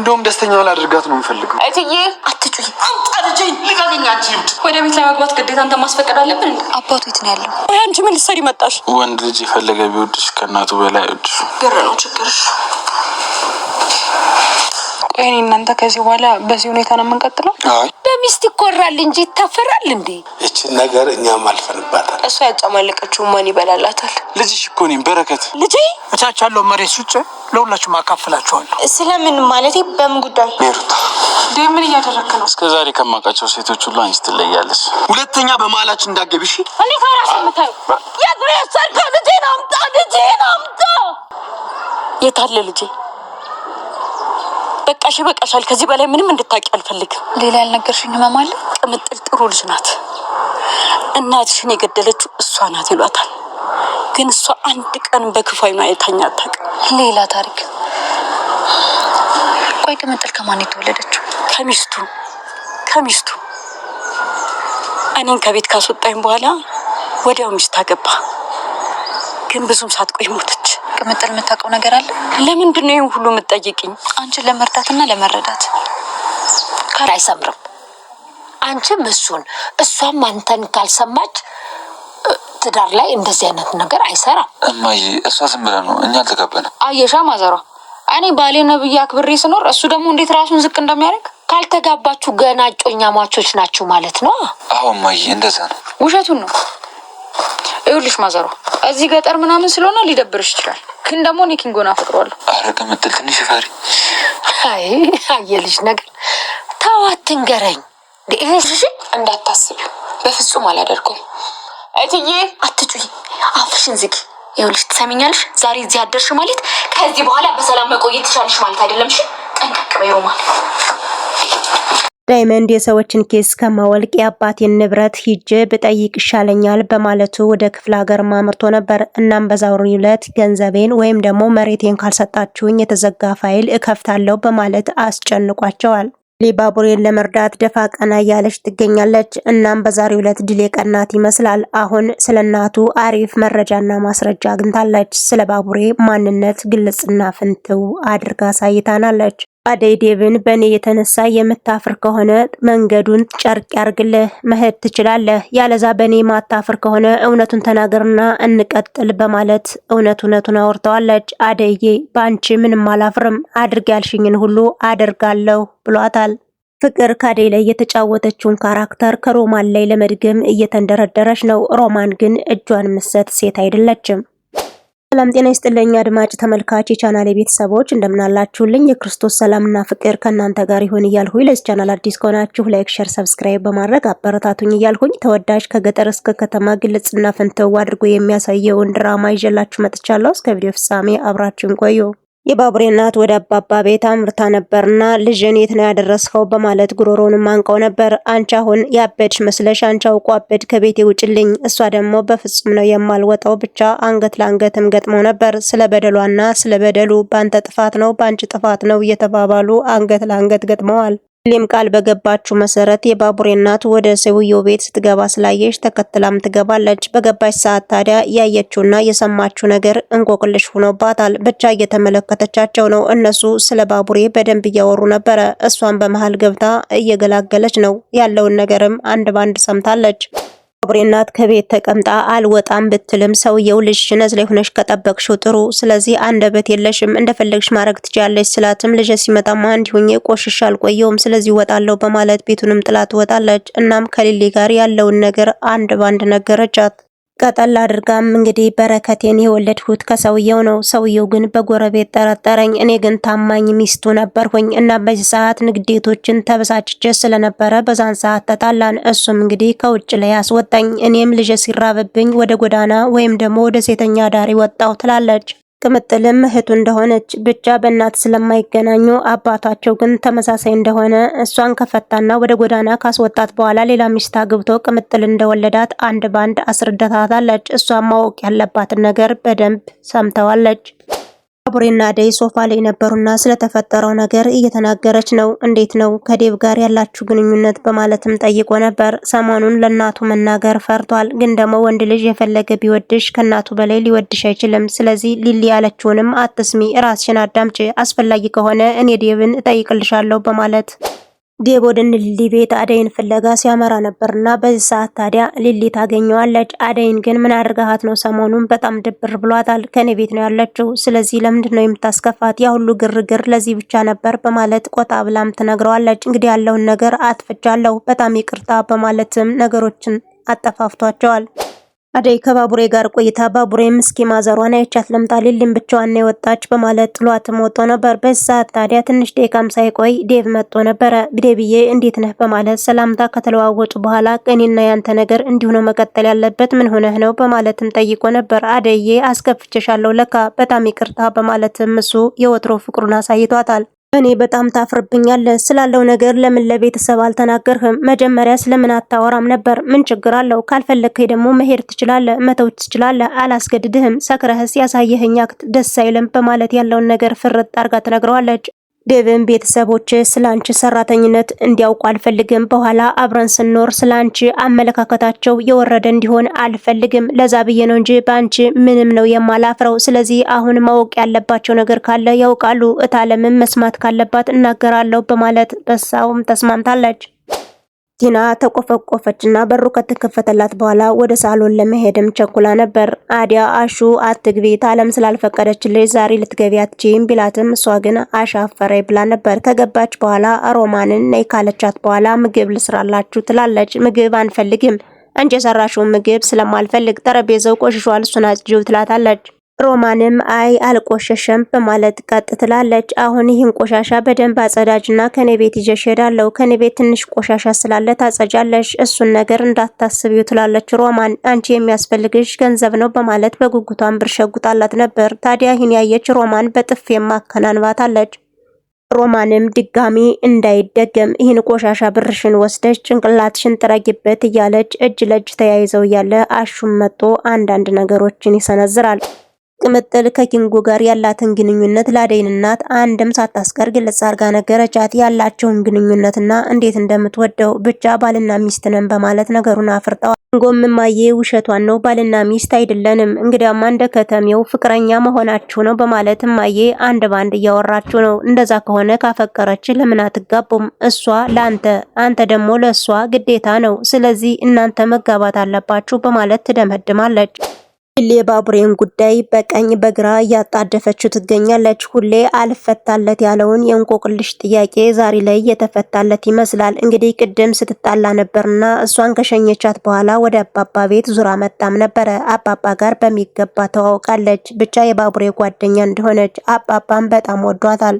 እንደውም ደስተኛ ላደርጋት ነው የምፈልገው። እትዬ አትጩ አጣልጅኝ ልቀቅኝ። አንቺ ይምድ ወደ ቤት ለመግባት ግዴታ አንተ ማስፈቀድ አለብን። አባቱ የት ነው ያለው? ወይ አንቺ ምን ልትሰሪ መጣሽ? ወንድ ልጅ የፈለገ ቢወድሽ ከእናቱ በላይ ወድሽ ገር ነው ችግርሽ እኔ እናንተ ከዚህ በኋላ በዚህ ሁኔታ ነው የምንቀጥለው? በሚስት ይኮራል እንጂ ይታፈራል እንዴ? ይችን ነገር እኛም አልፈንባታል። እሷ ያጨማለቀችው ማን ይበላላታል? ልጅሽ እኮ እኔም በረከት ልጅ እቻች ያለው መሬት ውጭ ለሁላችሁ አካፍላችኋለሁ። ስለምን ማለት በምን ጉዳይ ሩታ ምን እያደረግክ ነው? እስከ ዛሬ ከማውቃቸው ሴቶች ሁሉ አንቺ ትለያለሽ። ሁለተኛ በመሀላችን እንዳትገቢ እሺ። እንዴት ራስ የምታዩ የግሬ ሰርካ ልጄን አምጣ፣ ልጄን አምጣ። የታለ ልጄ በቃሽ ይበቃሻል። ከዚህ በላይ ምንም እንድታቂ አልፈልግም። ሌላ ያልነገርሽኝ ህመም ቅምጥል ጥሩ ልጅ ናት፣ እናትሽን የገደለችው እሷ ናት ይሏታል። ግን እሷ አንድ ቀን በክፉ ዓይኗ አይታኝ አታውቅም። ሌላ ታሪክ። ቆይ ቅምጥል ከማን የተወለደችው? ከሚስቱ ከሚስቱ እኔን ከቤት ካስወጣኝ በኋላ ወዲያው ሚስት አገባ። ግን ብዙም ሳትቆይ ሞተች። ቅምጥል የምታውቀው ነገር አለ? ለምንድን ነው ይህን ሁሉ የምትጠይቅኝ? አንቺን ለመርዳትና ለመረዳት ካል አይሰምርም። አንቺም እሱን እሷም አንተን ካልሰማች ትዳር ላይ እንደዚህ አይነት ነገር አይሰራም። እማዬ እሷ ዝም ብላ ነው፣ እኛ አልተጋበንም። አየሻ ማዘሯ፣ እኔ ባሌ ነብዬ አክብሬ ስኖር እሱ ደግሞ እንዴት ራሱን ዝቅ እንደሚያደርግ ካልተጋባችሁ ገና ማቾች ናችሁ ማለት ነው። አዎ እማዬ፣ እንደዛ ነው። ውሸቱን ነው። ይኸውልሽ ማዘሯ፣ እዚህ ገጠር ምናምን ስለሆነ ሊደብርሽ ይችላል። ግን ደግሞ እኔ ኪንጎን አፈቅሯለሁ። አረ ተመትል ትንሽ ፈሪ። አይ አየልሽ ነገር ተዋት ንገረኝ። እንዳታስብ በፍጹም አላደርገውም። እትዬ አትጩይ፣ አፍሽን ዝጊ። ይኸውልሽ ትሰሚኛለሽ፣ ዛሬ እዚህ አደርሽ ማለት ከዚህ በኋላ በሰላም መቆየት ትቻለሽ ማለት አይደለም። እሺ ጠንቀቅ በይው ማለት ዳይመንድ የሰዎችን ኬስ ከማወልቅ የአባቴን ንብረት ሂጄ ብጠይቅ ይሻለኛል በማለቱ ወደ ክፍለ ሀገር ማምርቶ ነበር። እናም በዛሬው ዕለት ገንዘቤን ወይም ደግሞ መሬቴን ካልሰጣችሁኝ የተዘጋ ፋይል እከፍታለሁ በማለት አስጨንቋቸዋል። ሊ ባቡሬን ለመርዳት ደፋ ቀና እያለች ትገኛለች። እናም በዛሬው ዕለት ድሌ ቀናት ይመስላል። አሁን ስለ እናቱ አሪፍ መረጃና ማስረጃ አግኝታለች። ስለ ባቡሬ ማንነት ግልጽና ፍንትው አድርጋ አሳይታናለች። አደይ ዴቭን በእኔ የተነሳ የምታፍር ከሆነ መንገዱን ጨርቅ ያርግልህ፣ መሄድ ትችላለህ። ያለዛ በእኔ ማታፍር ከሆነ እውነቱን ተናገርና እንቀጥል በማለት እውነት እውነቱን አውርተዋለች። አደዬ በአንቺ ምንም አላፍርም፣ አድርግ ያልሽኝን ሁሉ አድርጋለሁ ብሏታል። ፍቅር ካደይ ላይ የተጫወተችውን ካራክተር ከሮማን ላይ ለመድገም እየተንደረደረች ነው። ሮማን ግን እጇን ምሰት ሴት አይደለችም። ሰላም ጤና ይስጥልኝ አድማጭ ተመልካች የቻናል ቤተሰቦች እንደምናላችሁልኝ የክርስቶስ ሰላምና ፍቅር ከእናንተ ጋር ይሁን እያልሁኝ ለዚህ ቻናል አዲስ ከሆናችሁ ላይክ፣ ሸር፣ ሰብስክራይብ በማድረግ አበረታቱኝ እያልሁኝ ተወዳጅ ከገጠር እስከ ከተማ ግልጽና ፍንትው አድርጎ የሚያሳየውን ድራማ ይዤላችሁ መጥቻለሁ። እስከ ቪዲዮ ፍጻሜ አብራችሁን ቆዩ። የባቡሬ እናት ወደ አባባ ቤት አምርታ ነበርና ልጄን የት ነው በማለት ጉሮሮንም አንቀው ነበር። አንቺ አሁን ያበድሽ መስለሽ አንቺ አውቆ አበድ ከቤቴ ውጭልኝ። እሷ ደግሞ በፍጹም ነው የማልወጣው ብቻ አንገት ለአንገትም ገጥመው ነበር። ስለ በደሏና ስለ በደሉ በአንተ ጥፋት ነው በአንቺ ጥፋት ነው እየተባባሉ አንገት ለአንገት ገጥመዋል። ሊም ቃል በገባችው መሰረት የባቡሬ እናት ወደ ሰውየው ቤት ስትገባ ስላየች ተከትላም ትገባለች። በገባች ሰዓት ታዲያ ያየችውና የሰማችው ነገር እንቆቅልሽ ሆኖባታል። ብቻ እየተመለከተቻቸው ነው። እነሱ ስለ ባቡሬ በደንብ እያወሩ ነበረ። እሷን በመሀል ገብታ እየገላገለች ነው። ያለውን ነገርም አንድ ባንድ ሰምታለች። አብሬ እናት ከቤት ተቀምጣ አልወጣም ብትልም ሰውየው ልጅሽን እዚህ ላይ ሆነሽ ከጠበቅሽው ጥሩ፣ ስለዚህ አንደበት የለሽም እንደፈለግሽ ማድረግ ትችያለሽ ስላትም ልጄ ሲመጣማ እንዲሁ ቆሽሽ አልቆየውም፣ ስለዚህ ወጣለሁ በማለት ቤቱንም ጥላ ትወጣለች። እናም ከሊሊ ጋር ያለውን ነገር አንድ ባንድ ነገረቻት። ቀጠል አድርጋም እንግዲህ በረከቴን የወለድሁት ከሰውየው ነው። ሰውየው ግን በጎረቤት ጠረጠረኝ። እኔ ግን ታማኝ ሚስቱ ነበርሁኝ እና በዚህ ሰዓት ንግዴቶችን ተበሳጭቼ ስለነበረ በዛን ሰዓት ተጣላን። እሱም እንግዲህ ከውጭ ላይ አስወጣኝ። እኔም ልጄ ሲራብብኝ ወደ ጎዳና ወይም ደግሞ ወደ ሴተኛ ዳሪ ወጣሁ ትላለች። ቅምጥልም እህቱ እንደሆነች ብቻ በእናት ስለማይገናኙ አባታቸው ግን ተመሳሳይ እንደሆነ እሷን ከፈታና ወደ ጎዳና ካስወጣት በኋላ ሌላ ሚስት አግብቶ ቅምጥል እንደወለዳት አንድ ባንድ አስረድታታለች። እሷ ማወቅ ያለባትን ነገር በደንብ ሰምተዋለች። ባቡሬና አደይ ሶፋ ላይ ነበሩና ስለተፈጠረው ነገር እየተናገረች ነው። እንዴት ነው ከዴብ ጋር ያላችሁ ግንኙነት በማለትም ጠይቆ ነበር። ሰሞኑን ለእናቱ መናገር ፈርቷል። ግን ደግሞ ወንድ ልጅ የፈለገ ቢወድሽ ከእናቱ በላይ ሊወድሽ አይችልም። ስለዚህ ሊሊ ያለችውንም አትስሚ፣ ራስሽን አዳምጪ። አስፈላጊ ከሆነ እኔ ዴብን እጠይቅልሻለሁ በማለት ዴብ ሊቤት ሊሊ ቤት አደይን ፍለጋ ሲያመራ ነበርና በዚህ ሰዓት ታዲያ ሊሊ ታገኘዋለች። አደይን ግን ምን አድርገሃት ነው? ሰሞኑን በጣም ድብር ብሏታል። ከኔ ቤት ነው ያለችው። ስለዚህ ለምንድን ነው የምታስከፋት? ያ ሁሉ ግርግር ለዚህ ብቻ ነበር በማለት ቆጣ ብላም ትነግረዋለች። እንግዲህ ያለውን ነገር አጥፍቻለሁ፣ በጣም ይቅርታ በማለትም ነገሮችን አጠፋፍቷቸዋል። አደይ ከባቡሬ ጋር ቆይታ ባቡሬ ምስኪ ማዘሯን አይቻት ለምጣ ሊሊን ብቻዋን ነው የወጣች በማለት ጥሏት ወጥቶ ነበር። በዚህ ሰዓት ታዲያ ትንሽ ደቂቃም ሳይቆይ ዴቭ መጥቶ ነበረ። ዴብዬ እንዴት ነህ በማለት ሰላምታ ከተለዋወጡ በኋላ ቀኔና ያንተ ነገር እንዲሁ ነው መቀጠል ያለበት ምን ሆነህ ነው በማለትም ጠይቆ ነበር። አደዬ አስከፍቼሻለሁ ለካ በጣም ይቅርታ በማለትም እሱ የወትሮ ፍቅሩን አሳይቷታል። እኔ በጣም ታፍርብኛለህ። ስላለው ነገር ለምን ለቤተሰብ አልተናገርህም? መጀመሪያ ስለምን አታወራም ነበር? ምን ችግር አለው? ካልፈለግህ ደግሞ መሄድ ትችላለ፣ መተው ትችላለ። አላስገድድህም። ሰክረህስ ያሳየህኝ አክት ደስ አይልም በማለት ያለውን ነገር ፍርጥ አርጋ ትነግረዋለች። ዴቭን ቤተሰቦች ስለ አንቺ ሰራተኝነት እንዲያውቁ አልፈልግም። በኋላ አብረን ስንኖር ስለ አንቺ አመለካከታቸው የወረደ እንዲሆን አልፈልግም። ለዛ ብዬ ነው እንጂ በአንቺ ምንም ነው የማላፍረው። ስለዚህ አሁን ማወቅ ያለባቸው ነገር ካለ ያውቃሉ፣ እታለምን መስማት ካለባት እናገራለሁ በማለት በሳውም ተስማምታለች። ቲና ተቆፈቆፈችና በሩ ከተከፈተላት በኋላ ወደ ሳሎን ለመሄድም ቸኩላ ነበር። አዲያ አሹ አትግቢ ታለም ስላልፈቀደችልሽ ዛሬ ልትገቢ አትችይም ቢላትም እሷ ግን አሻፈረ ብላ ነበር። ከገባች በኋላ ሮማንን ነይ ካለቻት በኋላ ምግብ ልስራላችሁ ትላለች። ምግብ አንፈልግም፣ አንቺ የሰራሽውን ምግብ ስለማልፈልግ ጠረጴዛው ቆሽሿል፣ እሱን አጽጂው ትላታለች። ሮማንም አይ አልቆሸሸም በማለት ቀጥ ትላለች። አሁን ይህን ቆሻሻ በደንብ አጸዳጅና ከኔ ቤት ይዤሽ እሄዳለሁ። ከኔ ቤት ትንሽ ቆሻሻ ስላለ ታጸጃለሽ። እሱን ነገር እንዳታስቢው ትላለች ሮማን። አንቺ የሚያስፈልግሽ ገንዘብ ነው በማለት በጉጉቷን ብር ሸጉጣላት ነበር። ታዲያ ይህን ያየች ሮማን በጥፍ የማከናንባታለች። ሮማንም ድጋሚ እንዳይደገም ይህን ቆሻሻ ብርሽን ወስደች ጭንቅላትሽን ጥረጊበት እያለች እጅ ለእጅ ተያይዘው እያለ አሹም መጥቶ አንዳንድ ነገሮችን ይሰነዝራል። ቅምጥል ከኪንጎ ጋር ያላትን ግንኙነት ላደይንናት እናት አንድም ሳታስቀር ግልጽ አድርጋ ነገረቻት። ያላቸውን ግንኙነትና እንዴት እንደምትወደው ብቻ ባልና ሚስት ነን በማለት ነገሩን አፍርጠዋል። ኪንጎም እማዬ ውሸቷን ነው ባልና ሚስት አይደለንም፣ እንግዲያማ እንደ ከተሜው ፍቅረኛ መሆናችሁ ነው በማለት እማዬ አንድ ባንድ እያወራችሁ ነው። እንደዛ ከሆነ ካፈቀረች ለምን አትጋቡም? እሷ ለአንተ አንተ ደግሞ ለእሷ ግዴታ ነው። ስለዚህ እናንተ መጋባት አለባችሁ በማለት ትደመድማለች። የባቡሬን ጉዳይ በቀኝ በግራ እያጣደፈችው ትገኛለች። ሁሌ አልፈታለት ያለውን የእንቆቅልሽ ጥያቄ ዛሬ ላይ የተፈታለት ይመስላል። እንግዲህ ቅድም ስትጣላ ነበርና እሷን ከሸኘቻት በኋላ ወደ አባባ ቤት ዙራ መጣም ነበረ። አባባ ጋር በሚገባ ተዋውቃለች። ብቻ የባቡሬ ጓደኛ እንደሆነች አባባም በጣም ወዷታል።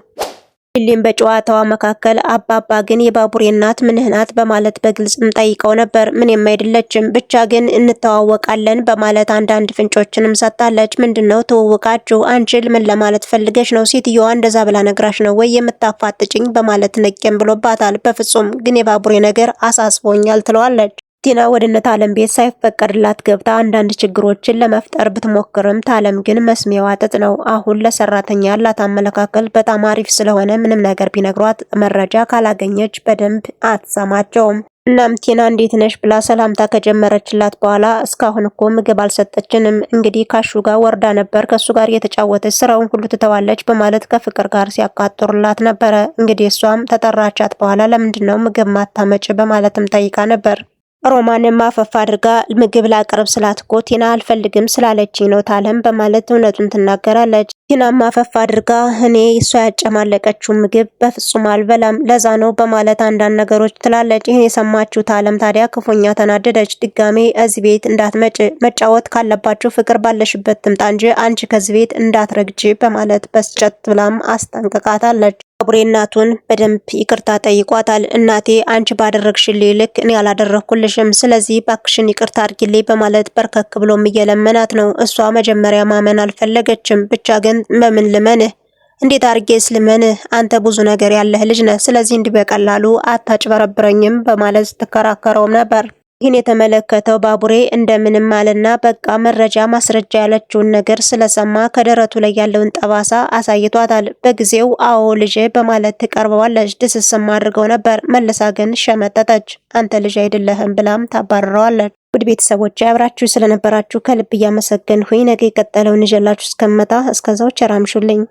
እሊም በጨዋታዋ መካከል አባባ ግን የባቡሬ እናት ምንህ ናት በማለት በግልጽም ጠይቀው ነበር። ምን አይደለችም ብቻ ግን እንተዋወቃለን በማለት አንዳንድ ፍንጮችንም ሰጥታለች። ምንድን ነው ትውውቃችሁ? አንቺ ምን ለማለት ፈልገሽ ነው? ሴትየዋ እንደዛ ብላ ነግራሽ ነው ወይ የምታፋጥጭኝ? በማለት ነቄም ብሎባታል። በፍጹም ግን የባቡሬ ነገር አሳስቦኛል ትለዋለች። ቲና ወደነ ታለም ቤት ሳይፈቀድላት ገብታ አንዳንድ ችግሮችን ለመፍጠር ብትሞክርም ታለም ግን መስሚያዋ ጥጥ ነው። አሁን ለሰራተኛ ያላት አመለካከል በጣም አሪፍ ስለሆነ ምንም ነገር ቢነግሯት መረጃ ካላገኘች በደንብ አትሰማቸውም። እናም ቲና እንዴት ነሽ ብላ ሰላምታ ከጀመረችላት በኋላ እስካሁን እኮ ምግብ አልሰጠችንም፣ እንግዲህ ካሹ ጋር ወርዳ ነበር፣ ከሱ ጋር የተጫወተች ስራውን ሁሉ ትተዋለች በማለት ከፍቅር ጋር ሲያቃጥሩላት ነበረ። እንግዲህ እሷም ተጠራቻት በኋላ ለምንድን ነው ምግብ ማታመጭ በማለትም ጠይቃ ነበር። ሮማንን ማፈፍ አድርጋ ምግብ ላቅርብ ስላት ጎቴና አልፈልግም ስላለችኝ ነው ታለም በማለት እውነቱን ትናገራለች። ቲናም አፈፍ አድርጋ እኔ እሷ ያጨማለቀችው ምግብ በፍጹም አልበላም ለዛ ነው በማለት አንዳንድ ነገሮች ትላለች። ይህን የሰማችሁት አለም ታዲያ ክፉኛ ተናደደች። ድጋሜ እዚህ ቤት እንዳትመጭ መጫወት ካለባችሁ ፍቅር ባለሽበት ትምጣ እንጂ አንቺ ከዚህ ቤት እንዳትረግጂ በማለት በስጨት ብላም አስጠንቅቃታለች። አቡሬ እናቱን በደንብ ይቅርታ ጠይቋታል። እናቴ አንቺ ባደረግሽልኝ ልክ እኔ አላደረግኩልሽም፣ ስለዚህ ባክሽን ይቅርታ አድርጊልኝ በማለት በርከክ ብሎም እየለመናት ነው። እሷ መጀመሪያ ማመን አልፈለገችም። ብቻ ግን በምን ልመንህ? እንዴት አድርጌስ ልመንህ? አንተ ብዙ ነገር ያለህ ልጅ ነህ። ስለዚህ እንዲህ በቀላሉ አታጭበረብረኝም በማለት ስትከራከረውም ነበር። ይህን የተመለከተው ባቡሬ እንደምንም አለና በቃ መረጃ ማስረጃ ያለችውን ነገር ስለሰማ ከደረቱ ላይ ያለውን ጠባሳ አሳይቷታል። በጊዜው አዎ ልጄ በማለት ትቀርበዋለች። ድስስም አድርገው ነበር። መልሳ ግን ሸመጠጠች። አንተ ልጅ አይደለህም ብላም ታባርረዋለች። ውድ ቤተሰቦች አብራችሁ ስለነበራችሁ ከልብ እያመሰገንሁኝ ነገ የቀጠለውን ይዤላችሁ እስከምመጣ እስከዛው ቸር አምሹልኝ።